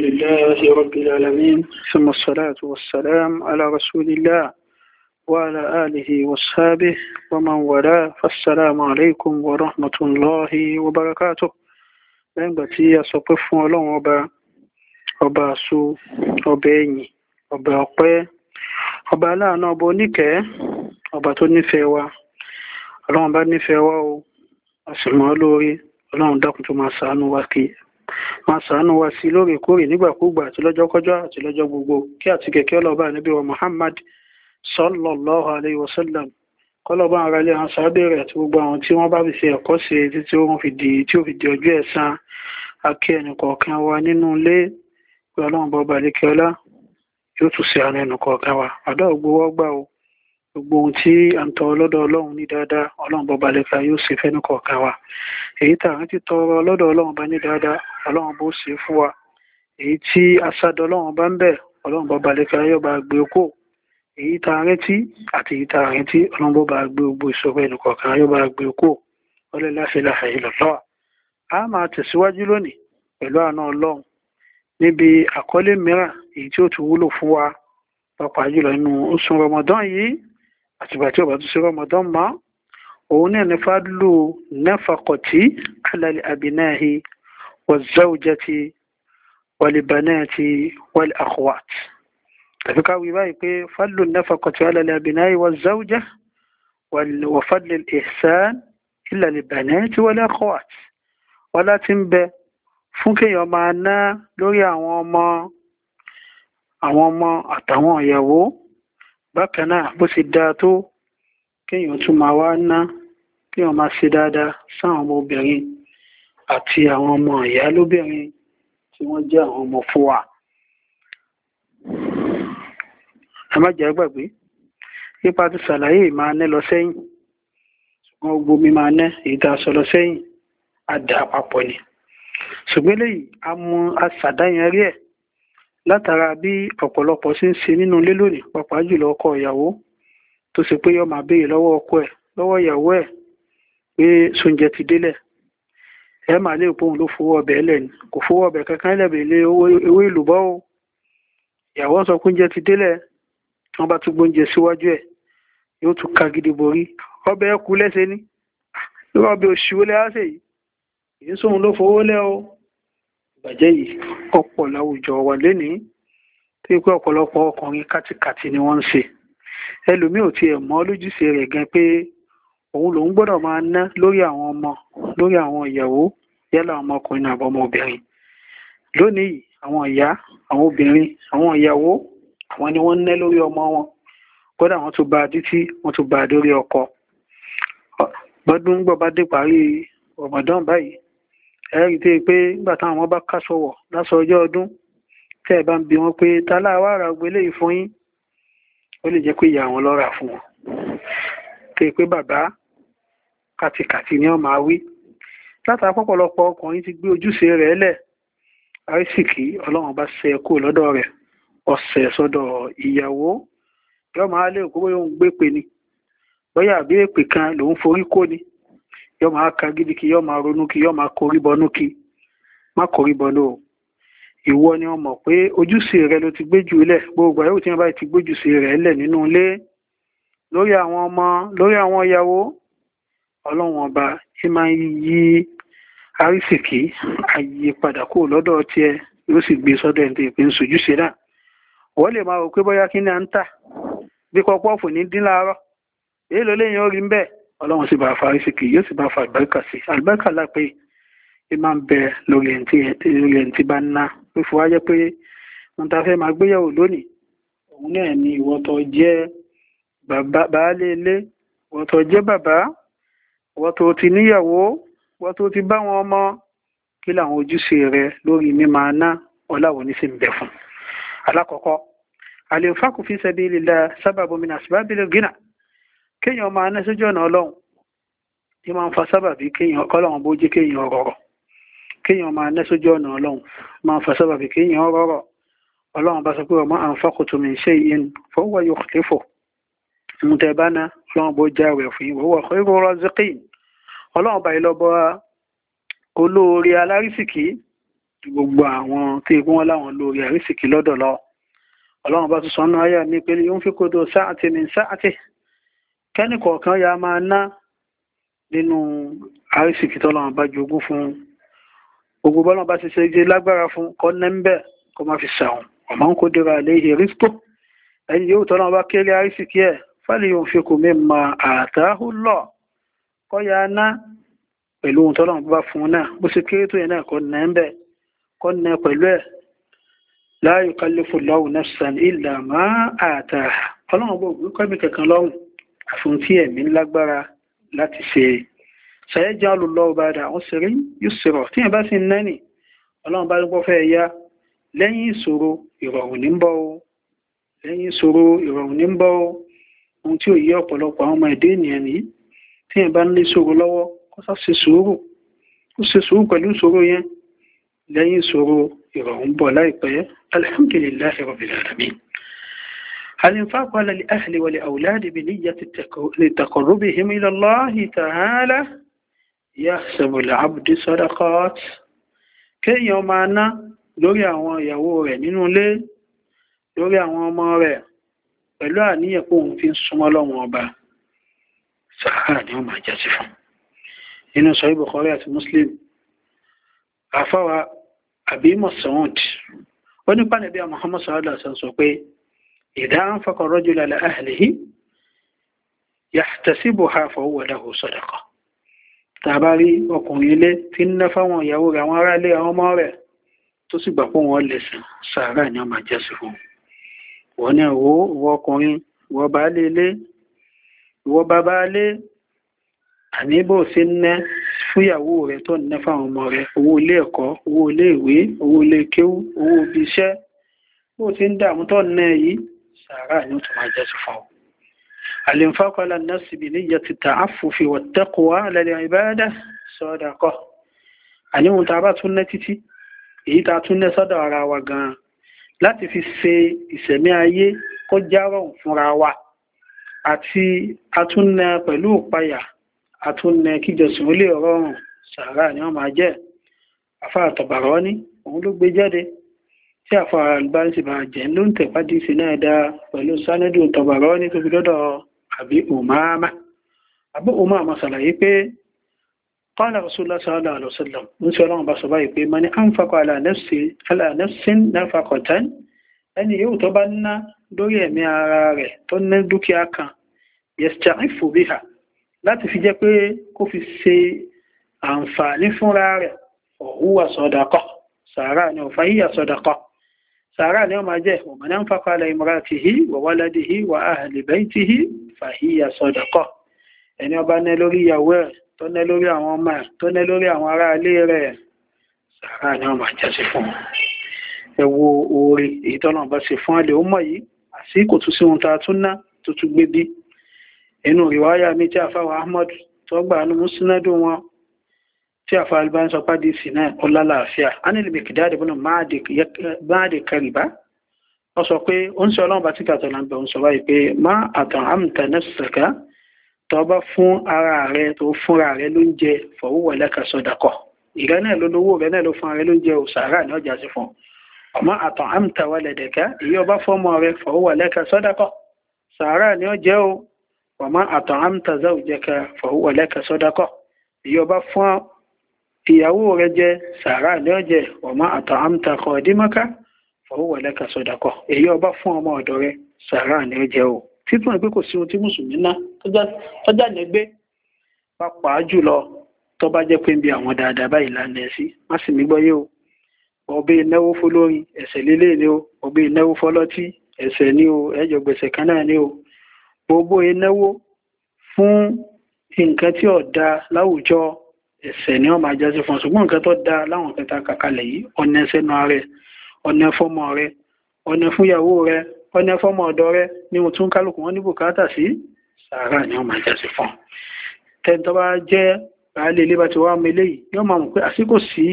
لله رب العالمين ثم الصلاة والسلام على رسول الله وعلى آله وصحبه ومن والاه فالسلام عليكم ورحمة الله وبركاته lẹ́gbà tí a sọ pé fún ọlọ́run ọba ọba àṣù ọba ẹ̀yìn ọba ọpẹ́ ọba aláàánú ọba oníkẹ́ ọba tó nífẹ̀ẹ́ wa ọlọ́run bá nífẹ̀ẹ́ wa o a sì mọ́ lórí ọlọ́run dákun tó máa ṣàánú wa kí máa ṣàánú wa sí lóòrèkóòrè nígbàkúùgbà àti lọ́jọ́kọ́jọ́ àti lọ́jọ́ gbogbo kí àti kẹ̀kẹ́ ọlọ́ba níbi wa Muhammad sallallahu alayhi wa sallam kọlọ́ba ara ilé àwọn sábẹ́ rẹ̀ àti gbogbo àwọn tí wọ́n bá fi ṣe ẹ̀kọ́ sí etí tí ó fi di tí ó fi di ọjọ́ ẹ̀san akí ẹnì wa nínú ilé pé ọlọ́run bọ́ba lékè yóò tún ṣe àánú ẹnì wa àdó ògbówó gbà o gbogbo ohun tí à ń tọrọ lọ́dọ̀ ọlọ́run ní dáadáa ọlọ́run bọba lẹ́ka yóò ṣe fẹ́ nìkọ̀ọ̀kan wa èyí tà ń ti tọrọ lọ́dọ̀ ọlọ́run bá ní dáadáa ọlọ́run bó ṣe fún wa èyí tí aṣáájú ọlọ́run bá ń bẹ̀ ọlọ́run bọba lẹ́ka yóò bá gbé e kó èyí tà rántí àti èyí tà rántí ọlọ́run bọba gbé gbogbo ìṣòro ẹnìkọ̀ọ̀kan yóò bá gbé e kó ọlẹ́láṣẹ́láṣẹ́ ìlọ́lọ́wà a máa tẹ̀síwájú jùlọ nínú oṣù Ramadan yìí àtìgbà tí ọba tó ṣe rọmọdán mọ́ òun náà ní fádlù nafaqati ala al-abnahi waz-zawjati wal-banati wal-akhwat tàbí ká wí báyìí pé fádlù nafaqati ala al-abnahi waz-zawja wa fádlù al-ihsan illa ń bẹ fún kéèyàn máa ná lórí àwọn ọmọ àtàwọn ìyàwó bákan náà bó ti dáa tó kéèyàn tún máa wá ná kéèyàn máa ṣe dáadáa sáwọn ọmọ obìnrin àti àwọn ọmọ ìyá lóbìnrin tí wọ́n jẹ́ àwọn ọmọ fún wa ẹ má jẹ́ gbàgbé nípa ti ṣàlàyé ìmáa ná lọ sẹ́yìn ṣùgbọ́n gbogbo mi máa ná èyí tá a sọ lọ sẹ́yìn á dà papọ̀ ni ṣùgbọ́n eléyìí a mú aṣàdáyẹn rí ẹ̀ látara bí ọ̀pọ̀lọpọ̀ ṣe ń ṣe nínú ilé lónìí pàápàá jùlọ ọkọ ìyàwó tó ṣe pé yóò máa béèrè lọ́wọ́ ọkọ ẹ̀ lọ́wọ́ ìyàwó ẹ̀ pé sóúnjẹ ti délẹ̀ ẹ máa lè pòun ló fowó ọbẹ̀ ẹlẹ̀ ni kò fowó ọbẹ̀ kankan lẹ́bẹ̀ lé owó ìlúbọ́ o ìyàwó sọ pé oúnjẹ ti délẹ̀ wọ́n bá tún gbóúnjẹ síwájú ẹ̀ yóò tún ka gidi borí ọbẹ̀ ẹ kú lẹ́sẹ̀ ní ọbẹ̀ òṣìwọlẹ́ á sèyí èyí sóun ló fowó lẹ́ o ìbàjẹ́ yìí ọ̀pọ̀ láwùjọ wa lénìí tó yẹ pé ọ̀pọ̀lọpọ̀ ọkùnrin kátikàti ni wọ́n ń ṣe ẹlòmíì ò tiẹ̀ mọ́ lójúṣe rẹ̀ gan pé òun lòun gbọ́dọ̀ máa ná lórí àwọn ọmọ lórí àwọn ìyàwó yálà ọmọkùnrin àbọ̀ ọmọbìnrin lónìí àwọn ìyá àwọn obìnrin àwọn ìyàwó àwọn ni wọ́n ń ná lórí ọmọ wọn kódà wọ́n tún bá a títí wọ́n tún bá a dórí ọkọ bọ́dún gbọ́ bá dé parí Ramadan báyìí ẹ̀rí tó pé nígbà táwọn ọmọ bá káṣọ wọ̀ lásọ ọjọ́ ọdún tẹ́ ẹ̀ bá ń bi wọn pé ta láwa ra ọgbẹ́ lè fún yín ó lè jẹ́ pé ìyá wọn lọ́ra fún wọn tó pé bàbá kàtìkàtì ni ó máa wí látara pọ̀pọ̀lọpọ̀ ọkùnrin ti gbé ojúṣe rẹ̀ lẹ̀ àrísìkí ọlọ́run bá ṣe kú lọ́dọ̀ rẹ̀ ọ̀sẹ̀ sọ́dọ̀ ìyàwó yọ máa òkú bóyá òun gbé pè ní bóyá àbí èpè kan lòun forí kó ni yóò máa ka gidi kí yóò máa ronú kí yóò máa korí bọnú kí má korí bọnú o ìwọ ni o mọ̀ pé ojúṣe rẹ ló ti gbéjú lẹ̀ gbogbo àyẹ̀wò tí wọ́n bá ti gbójúṣe rẹ̀ lẹ̀ nínú ilé lórí àwọn ọmọ lórí àwọn ìyàwó ọlọ́run ọba tí máa ń yí àrísìkí àyípadà kúrò lọ́dọ̀ tiẹ̀ yóò sì gbé sọ́dọ̀ ẹni tó ìpín sojúṣe náà wọ́n lè máa rò pé bóyá kí ni à ń tà bí kọ́pọ́ọ̀fù ní dín láàárọ̀ èyí ló léyìn ó ń bẹ́ẹ̀ ọlọ́run sì bá fa ìsìnkì yóò sì bá fa àgbáríkà sí àgbáríkà lápé ẹ máa ń bẹ lórí ẹni tí bá ń ná ló fi wáyé pé wọn ta fẹ́ máa gbéyàwó lónìí òun náà ni ìwọ tó jẹ́ baálé ilé ìwọ tó jẹ́ bàbá ìwọ tó ti níyàwó ìwọ tó ti bá wọn ọmọ kí làwọn ojúṣe rẹ lórí mímọ aná ọláwọ ní sí ń bẹ fún alákọ̀ọ́kọ́ àlè òfàkùnfin sabilillah sábàbọmìnà sábàbílẹ gínà kéèyàn máa ná sójú ọ̀nà ọlọ́run tí máa ń fa sábàbí kéèyàn kọ́lọ́run bó jẹ́ kéèyàn rọrọ̀ kéèyàn máa ná sójú ọ̀nà ọlọ́run máa ń fa sábàbí kéèyàn rọrọ̀ ọlọ́run bá sọ pé ọmọ àǹfàkùtù mi ṣe ìyẹn fọwọ́ yóò kẹ́fọ̀ ìmútẹ́ bá ná ọlọ́run bó já rẹ̀ fún ìwọ́wọ́ ìrọ̀ rọ́síkì ọlọ́run bá ìlọ́bọ olóore alárísìkì gbogbo àwọn tí ìgbọ́n láwọn olóore arísìkì lọ́dọ̀ lọ ọlọ́run bá tún sọ náà yà ní pé yóò fi kó do sáàtì ní sáàtì kẹ́nìkọ̀ọ̀kan ya máa ná nínú àrísìkí tọ́lọ́run bá jogún fún gbogbo bọ́lọ́run bá ṣiṣẹ́ jẹ́ lágbára fún kọ́ nẹ́ńbẹ̀ kó má fi ṣàwọn ọmọ ń kó dira àléhì rísítò ẹni yóò tọ́lọ́run bá kéré àrísìkí ẹ̀ fẹ́lẹ̀ yóò fi kò mímọ àtàhù lọ kọ́ ya ná pẹ̀lú ohun tọ́lọ́run bá fún náà bó ṣe kéré tó yẹn náà kọ́ nẹ́ńbẹ̀ kọ́ nẹ́ pẹ̀lú ẹ̀ la yukallifu Allahu nafsan illa ma àtàhà ọlọ́run gbogbo kọ́ mi kankan lọ́rùn àfihàn tí ẹ̀mí lágbára láti ṣe ṣàyẹ́jà olùlọ́ ọba dà wọ́n ṣeré yóò ṣèrọ̀ tí ẹ̀ bá sì ń nẹ́nì ọlọ́run bá lọ́pọ̀ fẹ́ yá lẹ́yìn ìṣòro ìrọ̀rùn ní ń bọ̀ o lẹ́yìn ìṣòro ìrọ̀rùn ní ń bọ̀ o ohun tí ò yí ọ̀pọ̀lọpọ̀ àwọn ọmọ ẹ̀dẹ́ ènìyàn nìyí tí ẹ̀ ń lé ìṣòro lọ́wọ́ kó sá ṣe sùúrù ó ṣe sùúrù pẹ̀lú ìṣòro yẹn lẹ́yìn ìṣòro ìrọ̀rùn bọ̀ láìpẹ́ alhamdulillahi rabbil alamin الإنفاق على الأهل والأولاد بنية لتقربهم إلى الله تعالى يحسب العبد صدقات kéèyàn máa ná lórí àwọn ìyàwó rẹ̀ nínú ilé lórí àwọn ọmọ rẹ̀ pẹ̀lú àníyàn pé òun fi ń súnmọ́ lọ́wọ́n ọba sàárà ni ó máa jẹ́ sí fún inú Sahih Bukhari àti Muslim àfáwà àbí mọ̀sánwọ̀d ó ní pàdébí Muhammad sallallahu alaihi wasallam sọ pé إذا أنفق الرجل لأهله يحتسبها فهو له صدقة tàbárí ọkùnrin ilé tí ń ná fáwọn ìyàwó rẹ̀ àwọn aráalé àwọn ọmọ rẹ̀ tó sì gbà fún wọn lẹ́sìn sàárà ni wọ́n máa jẹ́ sí fún wọn ní ìwọ ìwọ ọkùnrin ìwọ baálé ilé ìwọ babaálé àní bó ṣe ń ná fúyàwó rẹ̀ tó ń fáwọn ọmọ rẹ̀ owó ilé ẹ̀kọ́ owó ilé ìwé owó ilé kéwú owó ibi iṣẹ́ bó ṣe ń dààmú tó ń yìí sàárà ni ó tún máa jẹ́ sí fún ọ. àlìǹfàkọ́ alánàṣì bí níyà ti ta àfòfin wọ̀tẹ́kùwá lẹ́lẹ́ ìbáradà sọ́dà kọ́ àníwọ̀n tá a bá tún ná títí èyí tá a tún ná sọ́dọ̀ ara wa gan-an láti fi ṣe ìṣẹ̀mí ayé kó járọ̀hún fúnra wa àti atúnnẹ pẹ̀lú ìpayà atúnnẹ kíjọsìn ó lè rọrùn sàárà ni wọ́n máa jẹ́ àfáà tọ̀bàrọ́ ní òun ló gbé jáde tí àfàrà àlùbárí sì máa jẹ́ ló ń tẹ̀wádìí sí náà dá pẹ̀lú sánẹ́dù tọ̀bàrọ́ ní tó fi dọ́dọ̀ àbí òmáàmá àbí òmáàmá sàlàyé pé قال رسول الله صلى الله عليه وسلم نسي الله بس باي بي من انفق على نفسي kan yẹ̀sìtàrífò bí ha láti fi jẹ́ pé kó fi ṣe àǹfààní fúnra rẹ̀ ọ̀húwà sọ̀dàkọ̀ sàárà ni sàárà ní ọmọ jẹ́ ọmọ náà ń fapá ala imratihi wa waladihi wa ahli baitihi fahiya sadaqa ẹni ọba ná lórí ìyàwó ẹ̀ tó ná lórí àwọn ọmọ ẹ̀ tó ná lórí àwọn ará ilé rẹ̀ sàárà ní ọmọ jẹ́ sí fún ẹ wo oore èyí tọ́nà bá ṣe fún alẹ́ ó mọ̀ yìí àti kò tún sí ohun tá a tún ná tó tún gbé bí inú rìwáyà mi tí àfáwà Ahmad tó gbà ní musnadu wọn tí àfa albani sọ pàdé sí náà ọlá làáfíà anil mikdad ibn máàdì kẹrìbá ọ sọ pé ó ń sọ ọlọ́run bá tí kàtọ́ là ń bẹ̀ ń sọ báyìí pé má àtàn àmìtà náà sàkà tó bá fún ara rẹ tó fúnra rẹ ló ń jẹ fọwọ́ lẹ́ka sọdakọ̀ ìrẹ́ náà ló lówó rẹ náà ló fún ara rẹ ló ń jẹ òsàrà ní ọjà sí fún ọmọ àtàn àmìtà wà lẹ́dẹ̀ká èyí ọba fọmọ rẹ fọwọ́ lẹ́ka sọdakọ̀ sàrà ní ọjẹ́ o ọmọ àtàn àmìtà záwùjẹ́ka fọwọ́ lẹ́ka sọdakọ̀ èyí ọba fún ìyàwó rẹ jẹ sàrà ní ọjẹ ọmọ àtọ amtakọ dímọkà fọwọ lẹka sọdakọ èyí ọba fún ọmọ ọ̀dọ̀ rẹ sàrà ní ọjẹ o títún ẹgbẹ kò sí ohun tí mùsùlùmí ná tọjá nẹgbẹ pàápàá jùlọ tó bá jẹ́ pé ń bi àwọn dáadáa báyìí lánà ẹ̀ sí má sì mí gbọ́yé o ọbẹ̀ ìnáwó fọlórin ẹ̀sẹ̀ líle ni o ọbẹ̀ ìnáwó fọlọ́tí ẹ̀sẹ̀ ni o ẹ̀jọ̀ gbèsè kan náà ni o gbogbo ìnáwó fún nǹkan tí ò da láwùjọ ẹ̀ṣẹ̀ ni wọ́n máa jásí fún ṣùgbọ́n nǹkan tó dáa láwọn kẹta kàkalẹ̀ yìí ọ̀nà ẹsẹ̀nu rẹ̀ ọ̀nà fọ́mọ rẹ̀ ọ̀nà fúnyàwó rẹ̀ ọ̀nà fọ́mọ ọ̀dọ́ rẹ̀ ní ohun tó kálukú wọn ní bùkátà sí sàárà ni wọ́n máa jásí fún tẹ́ntọ́ bá jẹ́ baálé ilé bá ti wá ọmọ eléyìí yóò máa mọ̀ pé àsìkò sí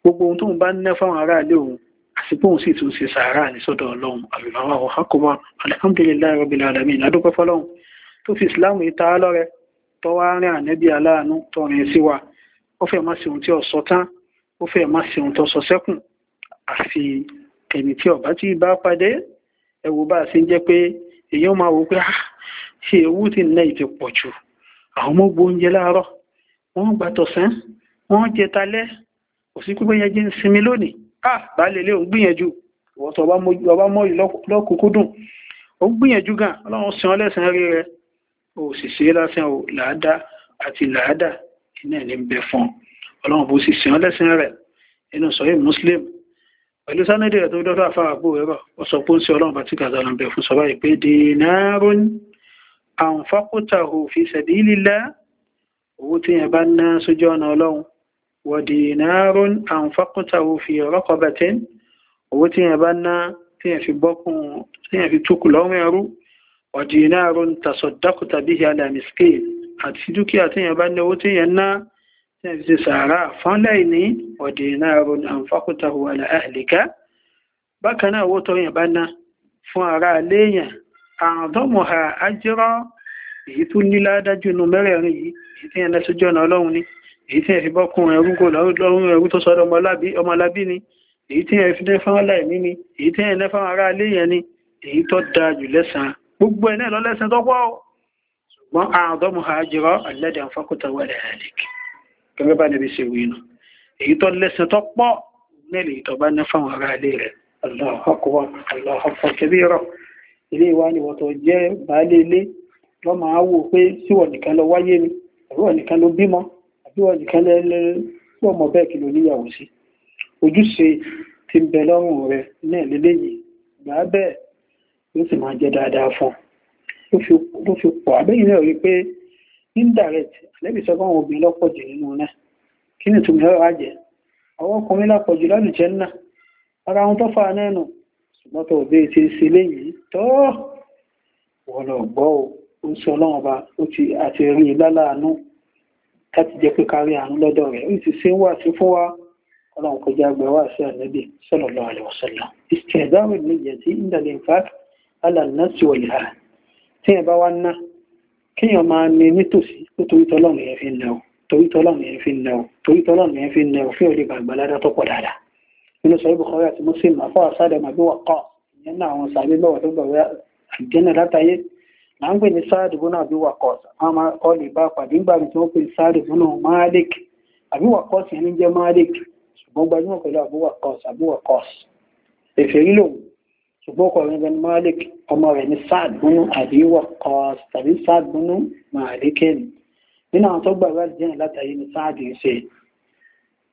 gbogbo ohun tóun bá ń ná fáwọn aráalé òun àsìkò òun sì tún ṣe sàárà ní sọ́dọ̀ ọlọ́run àbìbáwá ọ̀hákọ́mọ́ fi ìsìláàmù ìta tọ́wá rìn ànẹ́bí aláàánú tọrin sí wa ó fẹ́ má ṣeun tí ó sọ tán ó fẹ́ má ṣeun tó sọ sẹ́kùn àfi ẹni tí ọba tí bá pàdé ẹwù bá ṣe ń jẹ́ pé èèyàn máa wò pé ah, ṣe ewu ti nà ìtì pọ̀ jù àwọn ọmọ gbó oúnjẹ láàárọ̀ wọ́n gbà tọ̀sán wọ́n jẹ talẹ́ kò sí pípẹ́ yẹn jẹ́ ń sinmi lónìí ah bá lè lé òun gbìyànjú ìwọ́sọ̀ ọba mọ́ ìlọ́kùnkúndùn ó gbìyànjú gan ọlọ́run sìn ọ́ rí rẹ̀ o sì ṣe lásán o làádá àti làádá iná ní bẹ fún ọlọ́run bó sì sìn lẹ́sìn rẹ̀ inú sọ́yìn muslim pẹ̀lú sánédì rẹ̀ tó dọ́dọ́ àfáàgbò rẹ̀ ó sọ pé ó ń sí ọlọ́run bá ti gàdá lọ bẹ̀ fún sọ́bá ìpé dinarun anfaqtahu fi sabilillah owó tí yẹn bá ná sójú ọ̀nà ọlọ́run wa ọ̀dìnàrún tàṣọ̀dákùtà bí i alàmìsíkè àti dúkìá tí yẹn bá ní owó tí yẹn ná tí yẹn fi ṣe sàárà fọ́nlẹ̀ ní ọ̀dìnàrún àǹfàkùtà wàlà àhìlíkà bákan náà owó tó yẹn bá ná fún ara léèyàn àrùndọ́mọ̀ha ajírọ́ èyí tó ní ládájú inú mẹ́rẹ̀ẹ̀rin yìí tí yẹn lẹ́sọ́jọ́ ọ̀nà ọlọ́run ni èyí tí yẹn fi bọ́kùnrin ẹrúgbò lọ́rùn ẹrú tó sọ́dọ̀ ọmọlábí ni èyí tí yẹn fi dẹ́ fáwọn láìní ni èyí tí yẹn lẹ́fáwọn ará léèyàn ni èyí tó dáa jù lẹ́sàn-án gbogbo ẹ̀ náà lọ́lẹ́sìn tó pọ̀ ṣùgbọ́n àádọ́mù àjírọ́ alẹ́dẹ̀ àfọ́kútọ̀wẹ̀lẹ̀ àlèk gẹ́gẹ́ bá níbi ṣe wínú èyí tó lẹ́sìn tó pọ̀ nílẹ̀ ìtọ̀ bá ní fáwọn ará ilé rẹ̀ aláhọ́kọ̀ọ́ aláhọ́kọ̀ ti ń rẹ̀ náà lélẹ́yìn gbà bẹ́ẹ̀ yóò sì máa jẹ́ dáadáa fún ló fi pọ̀ àbẹ́yìn náà rí pé indirect àlẹ́bí sọ fáwọn obìnrin lọ́pọ̀ jù nínú náà kí ni tùmí ọ̀rọ̀ àjẹ́ àwọn ọkùnrin lápọ̀ jù lọ́nà jẹ́ náà ara wọn tó fà náà nù ṣùgbọ́n tó bẹ́ẹ̀ ṣe ṣe léyìí tó wọ́n lọ gbọ́ o ó ń sọ ọlọ́run ọba ó ti àti rí i láláàánú láti jẹ́ pé kárí àánú lọ́dọ̀ rẹ̀ ó sì ṣe ń wà sí fún wa ọlọ́run kọjá gbẹ wá sí àlẹ́bí sallallahu alaihi wasallam ìṣẹ̀dáwìn lè jẹ́ sí ìdàlẹ̀ ìfàkì alànà sí wọ̀ ìhà tí ẹ bá wá ná kíyàn máa ní nítòsí ó torí tọ́lọ́mù yẹn fi ń lẹ́wọ̀ torí tọ́lọ́mù yẹn fi ń lẹ́wọ̀ torí tọ́lọ́mù yẹn fi ń lẹ́wọ̀ fí ò lè gbàgbà ládá tó pọ̀ dáadáa nínú sọ ibùkọ́ rẹ̀ àti mọ́sílì máa fọ́ àsádà máa bí wà kọ́ ìyẹn náà àwọn sàbí lọ́wọ́ ṣùgbọ́n ọkọ̀ rẹ̀ bẹni Malik ọmọ rẹ̀ ní sáàdúnú àdíwọ̀ kọ́s tàbí sáàdúnú màálíkẹ́ni nínú àwọn tó gbàgbà jẹ́ látàrí ní sáàdì ṣe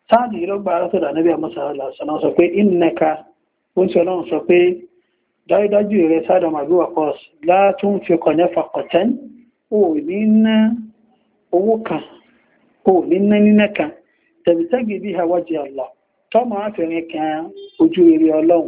sáàdì ló gbà látọ̀dà níbi àmọ́sàrọ̀lá sọ pé ìnẹka ó ti ọlọ́run sọ pé dájúdájú rẹ̀ sáàdọ̀ màálíwà kọ́s látún fi kọ̀nyẹ́ fakọ̀tẹ́n ò ní ná owó kan ò ní ná nínà kan tẹ̀bítẹ́gì bí hawaji Allah tọ́mọ̀ àfẹ́rin kan ojú rere ọlọ́run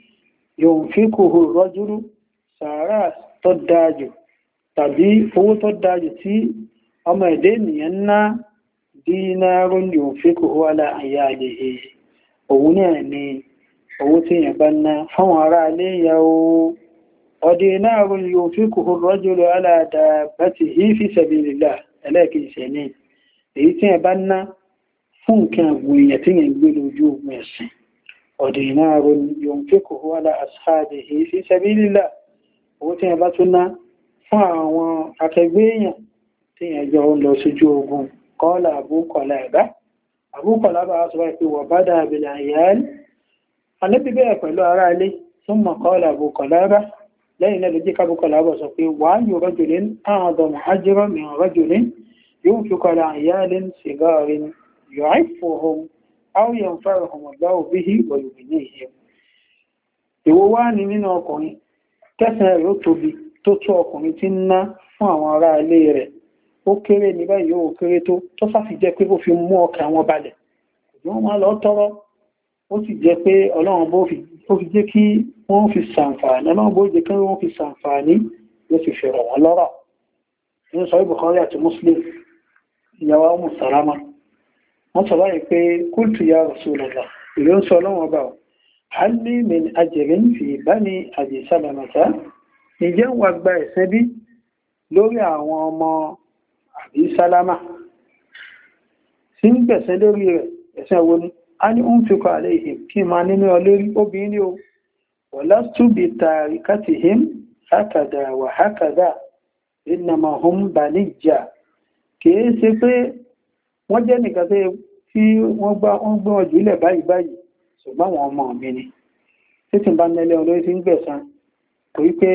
yóò fi kòhò rọ́júrú sàárà tó dáájù tàbí owó tó dáájù tí ọmọ ẹ̀dẹ́ ènìyàn ná dínárún yóò fi kòhò alá àyà àlèyé òun náà ni owó tí èèyàn bá ná fáwọn ará alé ìyàwó ọdẹ náàrùn yóò fi kòhò rọ́júrú aláàdá bàtì fi sabilillah ودينار ينفقه على أصحابه في سبيل الله owó tí yẹn bá tún ná fún àwọn akẹgbẹ́ èèyàn tí yẹn jọ ń lọ síjú ogun kọ́ọ̀lá àbúkọ̀lá ẹ̀bá àbúkọ̀lá bá sọ pé wọ̀ bá dáa bí láyéálì alẹ́bí bẹ́ẹ̀ pẹ̀lú ara ilé tún mọ̀ kọ́ọ̀lá àbúkọ̀lá ẹ̀bá lẹ́yìn náà lójí kábúkọ̀lá bọ̀ sọ pé wà á yóò rọ́jò ní àádọ́mù ajírọ́ mìíràn rọ́jò ní yóò fi kọ́lá àyáálì sìgáàrin yóò àìfòhùn àwọn yẹn fẹ́rẹ̀ ọmọdá òbí hì ìwọ̀yòmì ní ìyẹ́ ìwò wá ní nínú ọkùnrin tẹ́sàn rẹ̀ ó tóbi tó tó ọkùnrin tí ń ná fún àwọn ará ilé rẹ̀ ó kéré ní báyìí yóò kéré tó tó sáfi jẹ́ pé bó fi mú ọkà wọn balẹ̀ wọ́n máa lọ tọrọ ó sì jẹ́ pé ọlọ́run bó fi jẹ́ kí ìyàwó ọmọ wọ́n sọ báyìí pé kúltù ya Rasulullah ìlú ń sọ ọlọ́wọ́n bá ọ hálí min ajẹ̀rin fi bá ní àjì sábàmàtà ìjẹ́ wà gba ẹ̀sẹ́ bí lórí àwọn ọmọ àbí sálámà sí ń gbẹ̀sẹ̀ lórí rẹ̀ ẹ̀sẹ̀ wo ni a ní ń fi kọ àlẹ́ ìhìn kí ma nínú ọlórí obìnrin ni o wọ̀lá túbi tààrí káti him hákàdà wà hákàdà ìnàmà hum bàníjà kìí ṣe pé wọ́n jẹ́ nìkan tó tí wọ́n gbá wọ́n gbọ́ ọ̀jú ilẹ̀ báyìí báyìí ṣùgbọ́n àwọn ọmọ mi ni títí bá nílẹ̀ olóyè tí ń gbẹ̀san torí pé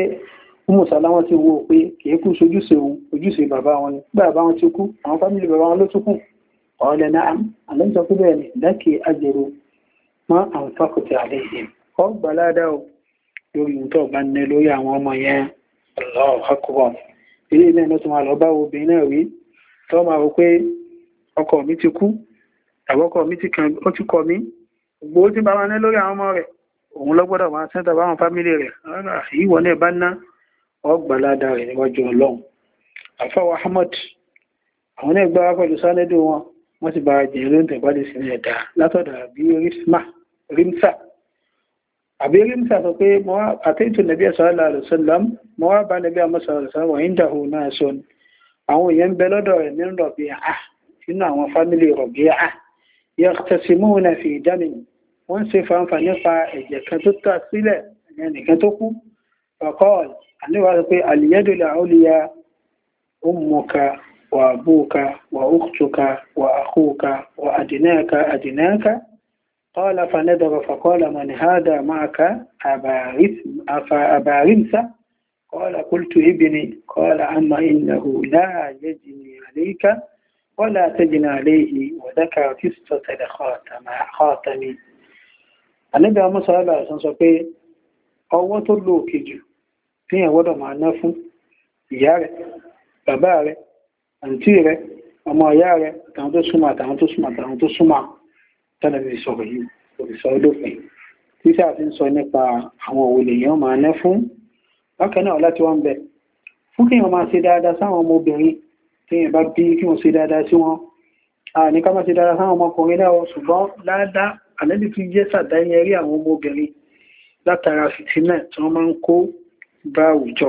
mùsàlá wọn ti wo pé kìí kú sojúṣe ojúṣe bàbá wọn ni pé bàbá wọn ti kú àwọn fámìlì bàbá wọn ló tún kù ọ̀ọ́lẹ̀ náà àlẹ́jọ́ pé bẹ́ẹ̀ ni dákì ajẹ́rò mọ́ àwọn fákòtì àlẹ́ yìí kọ́ gbàládà o lórí nǹkan ọ̀gbá ní lórí àwọn ọmọ yẹn lọ́ọ̀ akọ̀wọ̀ ilé náà lọ́tún wà lọ́ bá obìnrin náà rí tọ́ máa rò pé ọkọ mi ti kú àwọkọ mi ti kàn ó ti kọ mí gbogbo ó ti bá wọn ní lórí àwọn ọmọ rẹ̀ òun lọ gbọ́dọ̀ wọn sẹńtà báwọn fámílì rẹ̀ ìwọ náà bá ná ọgbàládà rẹ̀ níwájú Ọlọ́run àfọwọ Ahmad àwọn náà gbára pẹ̀lú sálẹdù wọn wọ́n ti bá jẹ́ ló ń tẹ̀gbádé sí ní ẹ̀dá látọ̀dọ̀ àbí rímsà àbí rímsà sọ pé mọ́ àtẹ́tù nàbí ẹ̀sọ́lá àlùsọ́lám mọ́ wá sínú àwọn fámílì rọ̀bíà yaqtasimuna fi damin wọ́n ṣe fanfa nípa ẹ̀jẹ̀ kan tó tà sílẹ̀ ẹ̀yẹn nìkan tó kú faqal àníwá sọ pé al-yadu al-ulya ummuka wa abuka wa ukhtuka wa akhuka wa adnaka adnaka qala fanadara faqala man hada ma'aka abarimsa قال قلت ابني قال أما إنه لا يجني عليك ولا تجن عليه وذكر قصة الخاتم خاتم النبي محمد صلى الله عليه وسلم sọ pé ọwọ́ tó lóòkè jù tí èèyàn gbọ́dọ̀ máa ná fún ìyá rẹ̀ bàbá rẹ̀ àǹtí rẹ̀ ọmọ ìyá rẹ̀ àtàwọn tó súnmọ́ àtàwọn tó súnmọ́ àtàwọn tó súnmọ́ tẹ́lẹ̀bí sọ̀rọ̀ yìí òfìsọ́ olófin tí sáà fi ń sọ nípa àwọn òwòlè èèyàn máa ná fún bákan náà láti wọ́n bẹ̀ fún kí èèyàn máa ṣe dáadáa sáwọn ọmọ obìnrin tí yẹn bá bí kí wọ́n ṣe dáadáa sí wọn àní ká má ṣe dáadáa sáwọn ọmọkùnrin náà ṣùgbọ́n láadáa àlẹ́bí fi jẹ́ sàdáyẹ rí àwọn ọmọbìnrin látara fìtínà tí wọ́n máa ń kó bá àwùjọ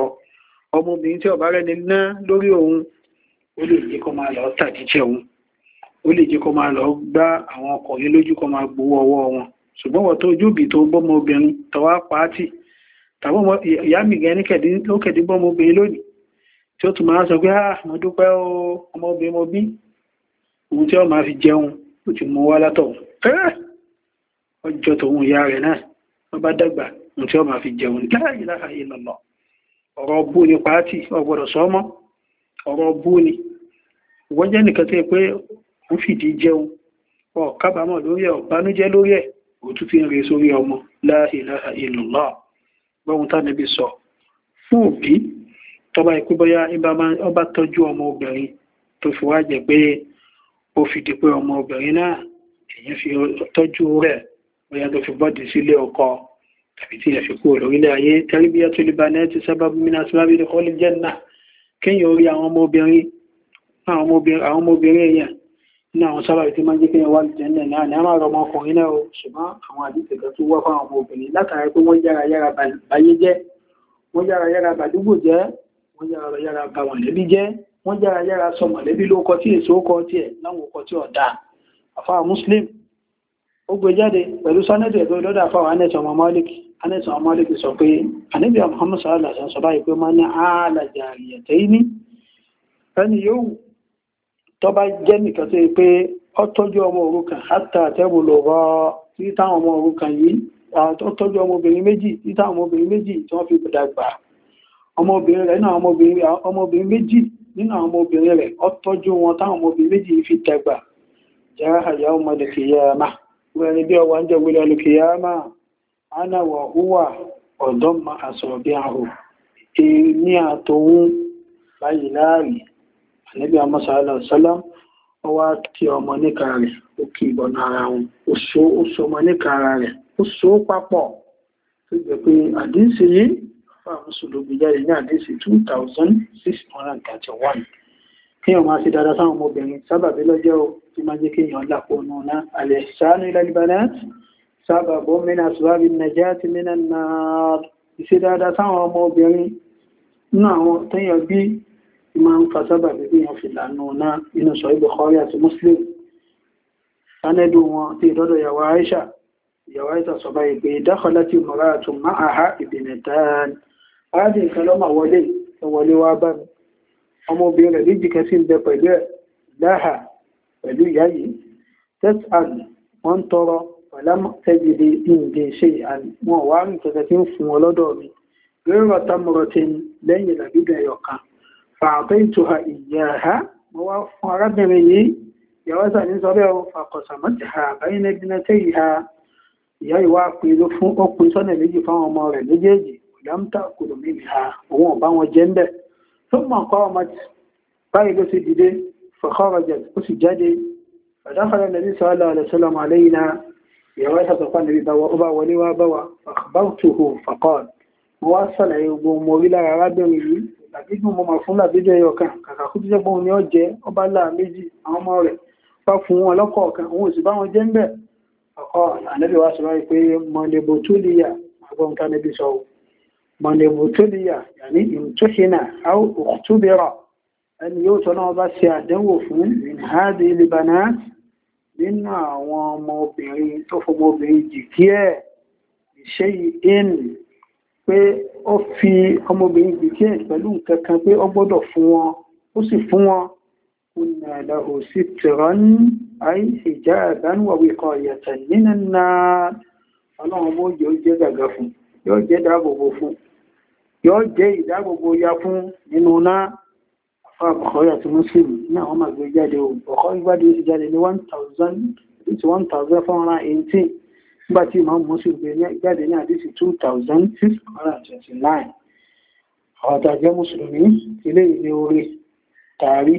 ọmọbìnrin tí ọ̀bá rẹni ná lórí òun ó lè jẹ́ kó máa lọ tàjíjẹ òun ó lè jẹ́ kó máa lọ gbá àwọn ọkùnrin lójú kó máa gbowó ọwọ́ wọn ṣùgbọ́n wọ́n tó júbì tó bọ́mọ obìnrin pàátì tàbí ìyá mi gẹ̀ẹ́ ní kẹ̀dí tí ó tún máa sọ pé ah mo o ọmọbìnrin mo bí ohun tí ó máa fi jẹun ó ti mú wá látọ̀ eh! ọjọ́ tòun ìyá rẹ̀ náà wọ́n bá dàgbà ohun tí ó máa fi jẹun láàyè láàyè lọ́lọ́ ọ̀rọ̀ bú ni pàátì ọgbọ̀dọ̀ sọ́mọ́ ọ̀rọ̀ bú ni wọ́n jẹ́ nìkan tó yẹ pé ó fìdí jẹun ọ̀ kábàámọ̀ lórí ẹ̀ ọ̀bánújẹ́ lórí ẹ̀ ó tún fi ń re sórí ọmọ láàyè láàyè lọ́lọ́ gbọ́hun tá níbi sọ tọ́bá ikú bọ́yá ọba tọ́jú ọmọ obìnrin tó fi wá jẹ́ pé ó fi di pé ọmọ obìnrin náà èyàn fi tọ́jú rẹ̀ bóyá tó fi bọ́dì sílé ọkọ tàbí tí èyàn fi kúrò lórílẹ̀ ayé tẹ́líbíyà tó lè bá náà ti sábà búmínà sí wábí lẹ́kọ́ lè jẹ́ náà kéèyàn orí àwọn ọmọ obìnrin àwọn ọmọ obìnrin èyàn ní àwọn sábà tí máa ń jẹ́ kéèyàn wà lè jẹ́ náà ní a máa rọ ọmọkùnrin náà o ṣùgbọ́n àwọn àdìsẹ̀ kan tó wá fáwọn ọmọ obìnrin látàrí pé wọ́n yára yára báyé jẹ́ wọ́n yára yára bàdúgbò jẹ́ wọ́n yára yára ba mọ̀lẹ́bí jẹ́ wọ́n yára yára sọ mọ̀lẹ́bí ló kọ tí èso kọ tí ẹ̀ láwọn kọ tí ọ̀dà àfáà muslim ó gbé jáde pẹ̀lú sanẹ́dì ẹ̀gbẹ́ lọ́dọ̀ àfáà anẹ́sàn ọmọ malik anẹ́sàn ọmọ malik sọ pé ànábì muhammad sallallahu alaihi wasallam sọ báyìí pé máa ní àlàjà àríyàtẹ́ ní ẹni yóò tó bá jẹ́ nìkan tó yẹ pé ó tọ́jú ọmọ òrukàn hátà àtẹ́wò ọmọ òrukàn yìí ó tọ́jú ọmọbìnrin méjì títà ọmọbìnrin méjì tí wọ́n fi dàgbà ọmọbìnrin rẹ̀ náà ọmọbìnrin méjì nínú àwọn ọmọbìnrin rẹ̀ ọ tọ́jú wọn táwọn ọmọbìnrin méjì fi tẹgbà jáhàyà ọmọdé kìyàmá wẹ́rin bí ọwà ń jẹ́ wílẹ̀ ọ̀dọ́ ma bí tí ọmọ rẹ̀ ó kí ìbọnà ara wọn ó so ọmọ àfà mùsùlùmí jáde ní àdísì 2631 kí wọ́n máa ṣe dáadáa sáwọn ọmọbìnrin sábàbí lọ́jọ́ tí máa jẹ́ kéèyàn lápọnù náà alẹ́ sáánú ìlàlìbàlá sábàbọ́ mẹ́nà síwábí nàíjá ti mẹ́nà náà ìṣe dáadáa sáwọn ọmọbìnrin náà àwọn tẹ́yàn bí ìmọ̀ ń fa Muslim sanadu wọn ti dọ́dọ̀ yàwó Aisha yàwó Aisha sọ báyìí pé dákọ̀lá ti mọ̀rá àtún máa ha ìbìnẹ̀tàn arábìnrin kan lọ́mà wọlé ìwọlé wá bá mi ọmọbìnrin rẹ̀ méjì kan sí ń bẹ pẹ̀lú ẹ̀ láhà pẹ̀lú ìyá yìí test and wọ́n tọrọ pẹ̀lám tẹ́jìdì ìǹdè ṣe àmì wọn wá rìn kẹ̀kẹ́ tí ń fún wọn lọ́dọ̀ mi rírọ̀ tamọ̀rọ̀ ti ń lẹ́yìn làbídà ẹ̀yọ̀kan fàápẹ́ ìtura ìyá ìdámtà kòrò mímì ha òun ọ̀bá wọn jẹ́ ń bẹ̀ tó mọ̀ kọ́ ọmọ báyìí ló sì dìde fọ̀kọ́rọ̀jẹ̀ ó sì jáde fàdákàrẹ̀ nàbí sọ́ọ́lá alẹ́sọ́lá àlẹ́yìn náà ìyàwó ìsàtọ̀kọ́ nàbí bá wà wọlé wá bá wà fàkàbáwùtòhò fàkọ́ọ̀l mo wá sàlàyé gbogbo mo rí lára arábìnrin yìí làbídùn mo máa fún làbídùn ẹyọ kan kàkà kú tó jẹ́ pé òun ni ó jẹ́ ọba láà méjì àwọn ọmọ rẹ̀ bá fún wọn lọ́kọ̀ọ̀kan òun sì bá wọn jẹ́ ń bẹ̀ ọkọ̀ ànábì wá sọ wáyé pé mọ̀lẹ́bọ̀ tó lè yà àgbọ̀nkánẹ́bí sọ̀rọ̀ من ابتلي يعني امتحن أو اختبر أن يوتنا بس يعدو من هذه البنات nínú àwọn ọmọbìnrin tó fọmọbìnrin jìkí ẹ̀ ṣe in pé ó fi ọmọbìnrin jìkí ẹ̀ pẹ̀lú nǹkankan pé ó gbọ́dọ̀ fún wọn ó sì fún wọn kùnà àdáhò sí tìrán àì ìjà àdánwàwí kan ìyàtà nínú náà ọlọ́run bó yóò jẹ́ gàgà fún yóò jẹ́ dáàbòbò fún yóò jẹ́ ìdágbogbo ya fún nínú náà afáàbùkọ́yà tí muslim náà wọ́n máa gbé jáde ohun ọkọ̀ ìgbádìí ti jáde ní 1418 nígbà tí imam muslim gbé jáde ní àdísì 2629 àwọn tàjẹ́ musulmi ilé ilé orí tààrí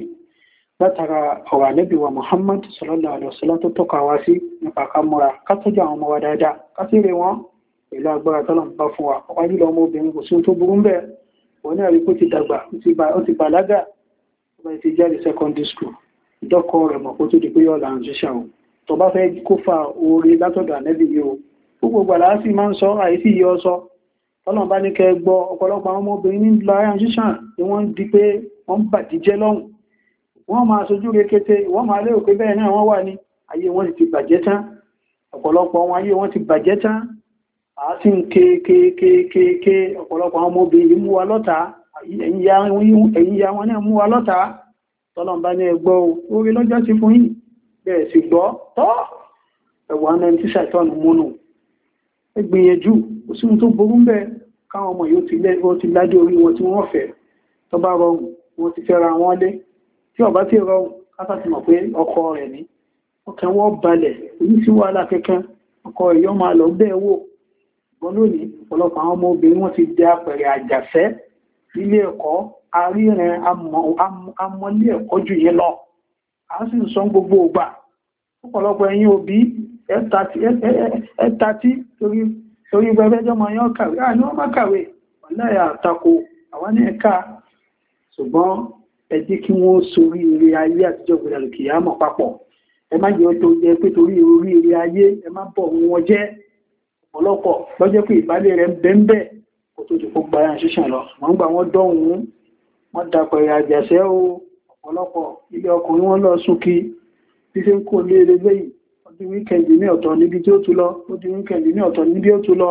látara ọ̀rọ̀ ànẹ́bíwa muhammad sallallahu alaihi wasallam tó tọ́ka wá sí nípa ká múra ká tọ́jú àwọn ọmọ wa dáadáa ká sí rẹ̀ wọ́n pẹ̀lú agbára tọ́lọ̀ bá fún wa ọ̀pá jùlọ ọmọ obìnrin kò sí ohun tó burú ń bẹ̀ wọ́n ní àríkó ti dàgbà ó ti bàlágà ó bá ti jáde secondary school ìdọ́kọ̀ rẹ̀ mọ̀ kó tó di pé yọ̀ là ń ṣiṣẹ́ o tó bá fẹ́ kó fa oore látọ̀dọ̀ ànẹ́bì yìí o gbogbo gbàlá sì máa ń sọ àìsí yìí ọ sọ ní kẹ gbọ́ ọ̀pọ̀lọpọ̀ àwọn ọmọbìnrin ní lára ṣiṣẹ́ ni wọ́n di pé wọ́n bàdíjẹ́ lọ́hùn wọ́n máa sojú rekete wọ́n máa lérò pé bẹ́ẹ̀ náà wọ́n wà ní ayé wọn ti bàjẹ́ tán ọ̀pọ̀lọpọ̀ wọn ayé wọn ti bàjẹ́ tán àásí ń ké ké ké ké ké ọ̀pọ̀lọpọ̀ àwọn ọmọbìnrin mú wa lọ́ta ẹ̀yìn ya wọn náà mú wa lọ́ta tọ́lọ̀mbá ní ẹgbọ́ orí lọ́jọ́ ti fún yìí bẹ̀ẹ̀ sì gbọ́ tọ́ ẹ̀wọ̀n náà tí sàtọ́nù múnù ẹgbìyànjú kò sí tó burú ń bẹ káwọn ọmọ yóò ti ládé orí wọn tí wọ́n fẹ́ tó bá rọrùn wọn ti máa lọ bẹ́ẹ̀ ṣùgbọ́n lónìí ọ̀pọ̀lọpọ̀ àwọn ọmọ obìnrin wọ́n ti di apẹ̀rẹ̀ àjàfẹ́ nílé ẹ̀kọ́ aríran amọ́lé ẹ̀kọ́ jù yẹn lọ a sì ń sọ gbogbo ògbà ọ̀pọ̀lọpọ̀ ẹ̀yin òbí ẹ̀ta tí torí gbẹ́gbẹ́jọ́ mọ̀ yán kàwé àní wọ́n má kàwé ọ̀láyà àtakò àwọn ní ẹ̀ka ṣùgbọ́n ẹ jẹ́ kí wọ́n sorí eré ayé àtijọ́ gbẹ̀dàlùkì yá ọ̀pọ̀lọpọ̀ lọ́jọ́ pé ìbálẹ̀ rẹ̀ bẹ́ẹ̀bẹ́ kò tó ti kó gbára ṣíṣàn lọ wọ́n gbà wọ́n dọ́hun wọ́n dapẹ̀rẹ̀ àjàṣẹ́ o ọ̀pọ̀lọpọ̀ ilé ọkùnrin wọn lọ súnkí bí ṣe ń kó lé eléwé yìí ó di wíkẹ̀ndì ní ọ̀tọ̀ níbi tí ó tún lọ ó di wíkẹ̀ndì ní ọ̀tọ̀ níbi ó tún lọ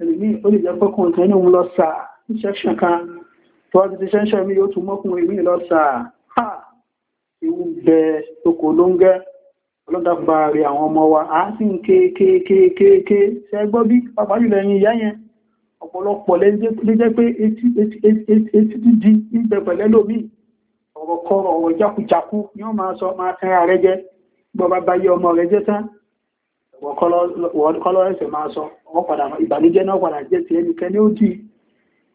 ẹlòmíì ó lè jẹ́ pẹ́kùnrin ha ewu bẹ oko ló ọlọ́dàpá rí àwọn ọmọ wa a sì ń kéèkéèkéèkéèké ṣẹgbọ́ bí pàpàá jùlọ ẹ̀yìn ìyá yẹn ọ̀pọ̀lọpọ̀ lẹ́jẹ́ pé etí dídí ìgbẹ̀ pẹ̀lẹ́ lómi ọ̀rọ̀ kọrọ̀ ọ̀rọ̀ jákujáku ni ó máa sọ máa tẹ́ra rẹ jẹ́ gbọ́ba bá yé ọmọ rẹ jẹ́ tán kọlọ ẹsẹ̀ máa sọ ọwọ́ padà ìbànújẹ́ náà padà jẹ́ ti ẹnikẹ́ni ó dì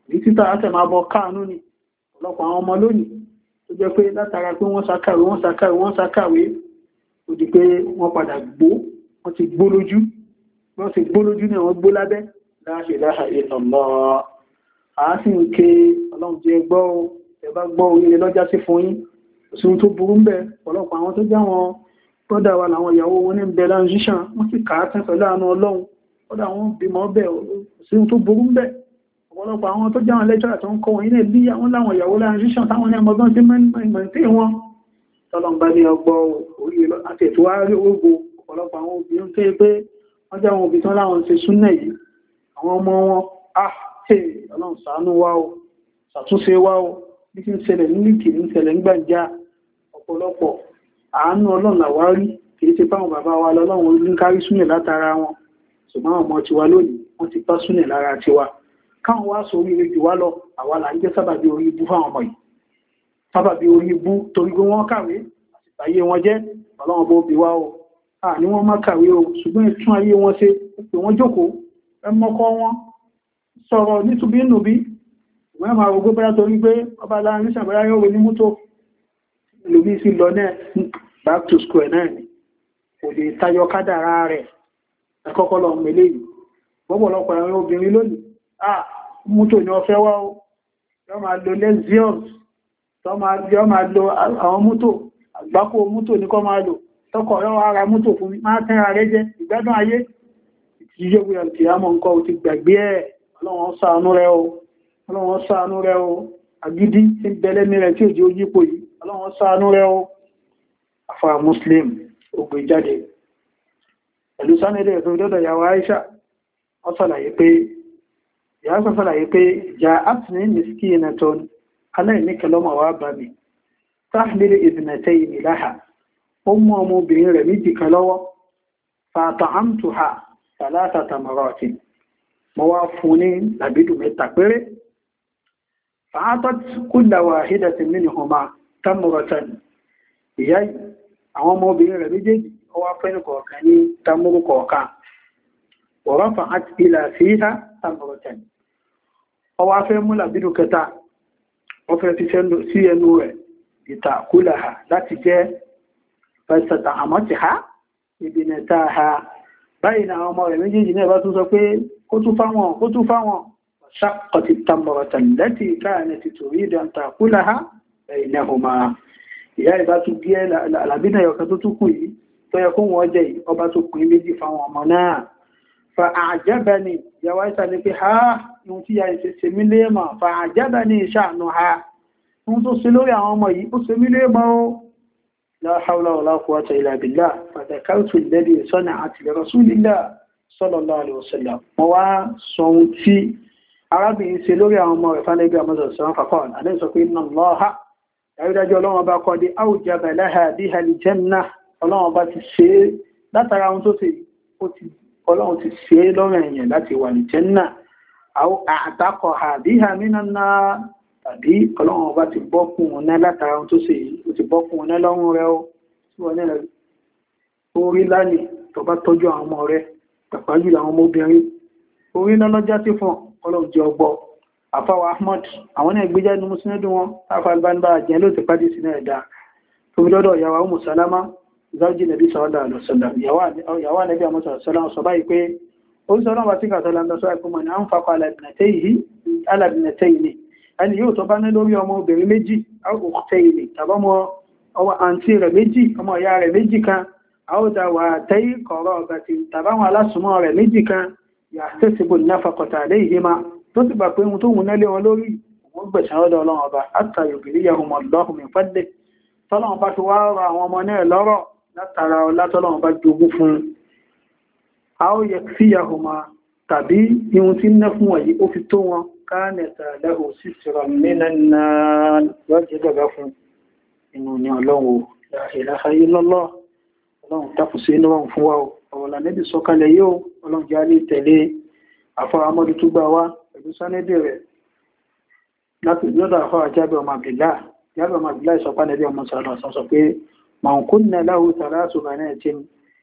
ní títà ẹsẹ̀ máa bọ káànú ni ọ̀pọ̀lọpọ̀ àwọn ọmọ lónìí tó jẹ́ pé látara pé ó di pé wọ́n padà gbó wọ́n ti gbó lójú wọ́n ti gbó lójú náà wọ́n gbó lábẹ́ láàṣẹ láàṣẹ ìtànlọ́ àásìn òkè ọlọ́run jẹ gbọ́ ẹ̀bá gbọ́ orílẹ̀ lọ́jà sí fún yín òsùn tó burú ń bẹ ọ̀pọ̀lọpọ̀ àwọn tó já wọn tọ́dà wà láwọn ìyàwó wọn ní ń bẹ láńṣíṣàn wọ́n sì kàá tẹ́ pẹ̀lú àánú ọlọ́run tọ́dà wọn bímọ bẹ̀ òsùn tó burú ń bẹ ọ̀pọ̀lọpọ̀ àwọn tó já wọn lẹ́jọ́ àtọ́ ń kọ́ wọn ilé bí àwọn láwọn ìyàwó láńṣíṣàn táwọn ní ọmọgbọ́n sí mẹ́rin tọ́lọ́mbá ní ọgbọ́ orí ogbò ọ̀pọ̀lọpọ̀ àwọn obìnrin tó yẹ pé wọ́n jẹ́ àwọn obìnrin láwọn ṣe súnnà yìí àwọn ọmọ wọn àti ah, ọlọ́run wá o ṣàtúnṣe wá o bí kí ń ṣẹlẹ̀ ní lìkì ń ṣẹlẹ̀ ń ọ̀pọ̀lọpọ̀ àánú ọlọ́run làwárí kìí ṣe fáwọn bàbá wa lọ́lọ́run ń kárí súnnà látara wọn ṣùgbọ́n ọmọ tiwa lónìí wọ́n ti bá súnnà lára tiwa káwọn wá sórí ilé wá lọ àwa là ń jẹ́ sábàbí orí ibú fáwọn ọmọ yìí sábàbí orí ibú torí pé wọ́n kàwé àtìtàyé wọn jẹ́ ọlọ́run bó bí wá o à ní wọ́n má kàwé o ṣùgbọ́n ìtún ayé wọn ṣe pé wọ́n jókòó ẹ mọ́kọ́ wọn sọ̀rọ̀ nítubí nùbí wọ́n máa rògbó bẹ́rẹ̀ torí pé ọba láàrin ṣàbẹ́rẹ́ yóò ní mútó lóbi sí back to square náà ni kò lè tayọ kádàrá rẹ̀ ẹkọ́kọ́ lọ mẹ́lé yìí ah mútó ni ọ fẹ́ wá o tọ́ máa lo àwọn mọ́tò àgbákò mọ́tò ní kọ́ máa lò tọ́kọ̀ ọ̀rọ̀ ara mọ́tò fún mi máa tẹ́ra rẹ jẹ́ ìgbádùn ayé ìjíjẹ́ wí àti àmọ́ nǹkan ò ti gbàgbé ẹ̀ ọlọ́run ṣàánú tí ń bẹ̀lẹ́ tí ò jẹ́ ojípo yìí ọlọ́run ṣàánú rẹ o afa muslim ògbè jáde pẹ̀lú sánilẹ̀ ìfẹ́ dọ́dọ̀ yàwó aisha ọ sàlàyé pé ìyá sàlàyé pé jà átìní aláìníkẹ lọ́mọ wá bá mi táàlì ìbìnàtẹ́ ìmì láhà ó mú ọmọ obìnrin rẹ̀ méjì kan lọ́wọ́ fàtà àmtù ha tàlátà tamarọ̀tì mo wá fún ní làbídù mẹ́ta péré fàátọ́t kúndàwà hídàtì mínú ọmọ tamarọ̀tàn ìyá àwọn fẹ́ mú làbídù kẹta wọ́n fẹ́ fi sí ẹnu rẹ̀ ìtàkùlà ha láti jẹ́ pẹ̀sẹ̀tà àmọ́ ti ha ìbìnà ta ha báyìí na ọmọ rẹ̀ méjèèjì náà bá tún sọ pé kó tún fáwọn kó tún fáwọn ṣàkọtì tamọ̀rọ̀tà lẹ́tì káàrin ti torí ìdáǹtà kúlà ha ẹ̀yìnà ọmọ ìyá ìbá tún bí àlàbínà ẹ̀yọ̀kan tó tún kù fa àjẹ́bẹ̀ ni ìyàwó ìsàlẹ̀ ohun tí ya ìṣe ṣe mí léèmọ̀ fa àjẹ́bẹ̀ ní iṣẹ́ àánú ha ohun tó ṣe lórí àwọn ọmọ yìí ó ṣe mí léèmọ̀ ó la hawla wala quwwata illa billah fàtàkàtù ìlẹ́bí sọ́nà àti rasulillah sallallahu alaihi wasallam mo wá sọ ohun tí arábìnrin ṣe lórí àwọn ọmọ rẹ̀ fánẹ́gbẹ́ ọmọdọ̀sán fàkọ́n àdéhùn sọ pé iná lọ́ha dájúdájú ọlọ́run ọba kọ́ àwọn àtakọ̀ àbíhà mìíràn náà tàbí ọlọ́run ọba ti bọ́ fún un náà látara ohun tó ṣe yìí ó ti bọ́ fún un náà lọ́rùn rẹ ó tí wọ́n náà orí lánìí tó bá tọ́jú àwọn ọmọ rẹ pàápàá àwọn ọmọbìnrin orí lọ́lọ́já sí fún ọlọ́run Ahmad àwọn náà gbéjá inú musnadu wọn táfà albanba jẹ́ ló ti pàdé sínú ẹ̀dá tó fi lọ́dọ̀ ìyàwó Ummu Salama zawji nàbí sallallahu alaihi wasallam ìyàwó nàbí àmọ́sọ̀lá sọ báyìí oúnjẹ ọlọ́wà tí kàtọ́ lọ́sọ́ ẹkùnmọ̀ ní à ń fakọ alàbìnẹ̀tẹ́ ìní ẹni yóò tọ́ bá ní lórí ọmọ obìnrin méjì àwòkútẹ́ ìní tàbọ́mọ àǹtí rẹ̀ méjì ọmọ ìyá rẹ̀ méjì kan àwòdáwà tẹ́yí kọ̀rọ̀ ọ̀gàtì tàbáwọn alásùmọ́ rẹ̀ méjì kan yàtẹ́sìbò náfàkọ̀tà lé ìhema tó sì bà pé ohun tó wùn nẹ́lé wọn lórí òun gbẹ̀sán ọ̀dọ̀ ọlọ́run ọba àtàyòbìrí yahoo mọ̀lọ́hùn ìfọ́dẹ̀ tọ́lọ́run bá ti wá rọ àwọn ọmọ náà lọ́rọ̀ látara ọlá tọ́lọ́run bá jogún fún un a ó yẹ sí yahoma tàbí ihun tí ná fún wọ̀nyí ó fi tó wọn káànẹ̀tà lẹ́hùn sí sọ̀rọ̀ mẹ́nà náà lọ́jẹ́ gbẹ̀gbẹ̀ fún inú ni ọlọ́run ìlàhà ilọ́lọ́ ọlọ́run tàkù sí inú ọ̀run fún wa ọ̀rọ̀lá níbi sọ́kalẹ̀ yóò ọlọ́run já ní tẹ̀lé àfọ́ramọ́dú tó gbà wá pẹ̀lú sánẹ́dẹ̀ rẹ̀ láti lọ́dọ̀ àfọ́ra jábẹ̀ ọmọ àbìlá jábẹ̀ ọmọ ọmọ sọ̀rọ̀ sọ pé mọ̀nkúnnà láhùn tàrà sùgbà náà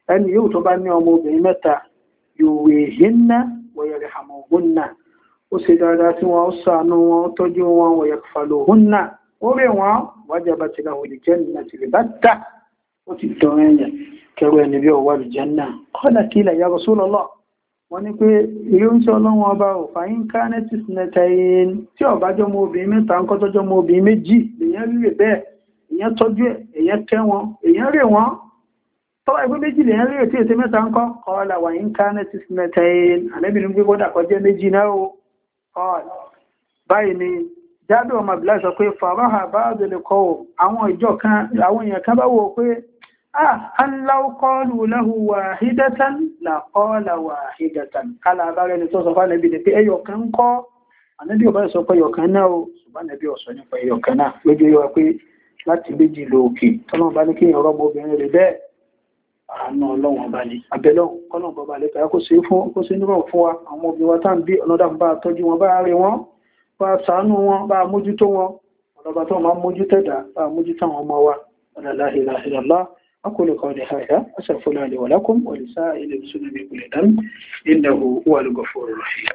ẹni yóò tó bá ní ọmọ obìnrin mẹ́ta yòwè hinna wọ̀yẹ̀rẹ̀ àmọ̀húnna ó ṣe dáadáa sí wọn ó sànú wọn ó tọ́jú wọn wọ̀yẹ̀ fàlòhúnna ó rè wọn wájà bá ti ra òlì jẹ́ nínú àti lè bá dà ó ti dọ̀rọ̀ ẹ̀yẹ̀ kẹrù ẹni bí ọwọ́ àlù jẹ́nà kọ́lá kí ilẹ̀ ya Rasulullah wọ́n ní pé ilé oúnjẹ ọlọ́wọ́n ọba òfà yín ká nẹ́tìsì nẹ́tẹ̀ẹ́n tí ọba jọmọ obìnrin mẹ́ta ń kọ́tọ́jọmọ obìnrin méjì èèyàn rí bẹ́ẹ̀ èèyàn tọ́jú ẹ̀ èèyàn kẹ́ wọn èèyàn rè wọn tọ́wọ́ ẹgbẹ́ méjì lè ń rí ètí ètí mẹ́ta ń kọ́ kọ́ọ̀lá wà ní kánẹ́tì mẹ́tẹ́yìn àlẹ́bìnrin gbígbó dàkọ́ jẹ́ méjì náà ó báyìí ni jádù ọmọ ìbílẹ̀ sọ pé fàráhà bá dẹ̀lẹ̀ kọ́ ò àwọn ìjọ kan àwọn èèyàn kan bá wò pé ah, aláwọ̀ kọ́ọ̀lù lẹ́hu wà hídẹ́tàn làkọ́ọ̀lá wà hídẹ́tàn kálá abárẹ́ ni tó láti méjì lòókè tọ́lọ́mọba ní kéèyàn rọ́mọ obìnrin rẹ̀ bẹ́ẹ̀ àánú ọlọ́run ọba ni àbẹ̀lọ́ kọ́lọ́n bọ́ba lẹ́ka kó ṣe fún kó ṣe nírọ̀ fún wa àwọn òbí wa táà ń bí ọ̀nà dàbí bá tọ́jú wọn bá rí wọn bá ṣàánú wọn bá mójútó wọn ọ̀nàbà tó máa mójú tẹ̀dá bá mójútó àwọn ọmọ wa ọ̀nàláhìláhìlá أقول قولي هذا أسف لي